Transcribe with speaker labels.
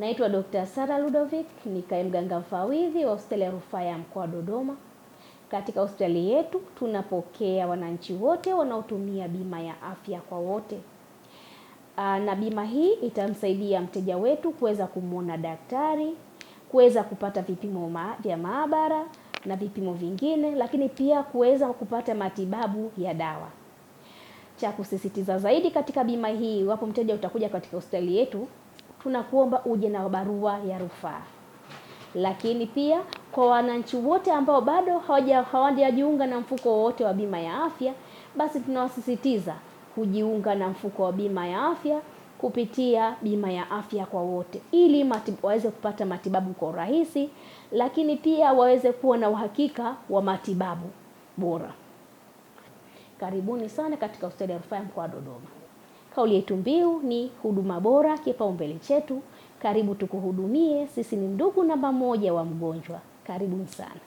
Speaker 1: Naitwa Dr. Sara Ludovic, nikae mganga mfawidhi wa hospitali ya rufaa ya mkoa wa Dodoma. Katika hospitali yetu tunapokea wananchi wote wanaotumia bima ya afya kwa wote. Aa, ah, na bima hii itamsaidia mteja wetu kuweza kumwona daktari, kuweza kupata vipimo ma vya maabara na vipimo vingine, lakini pia kuweza kupata matibabu ya dawa. Cha kusisitiza zaidi katika bima hii, iwapo mteja utakuja katika hospitali yetu tunakuomba uje na barua ya rufaa. Lakini pia kwa wananchi wote ambao bado hawajajiunga na mfuko wowote wa bima ya afya, basi tunawasisitiza kujiunga na mfuko wa bima ya afya kupitia bima ya afya kwa wote, ili matibu, waweze kupata matibabu kwa urahisi, lakini pia waweze kuwa na uhakika wa matibabu bora. Karibuni sana katika hospitali ya rufaa ya mkoa wa Dodoma. Kauli yetu mbiu ni huduma bora kipaumbele chetu. Karibu tukuhudumie, sisi ni ndugu namba moja wa mgonjwa. Karibuni sana.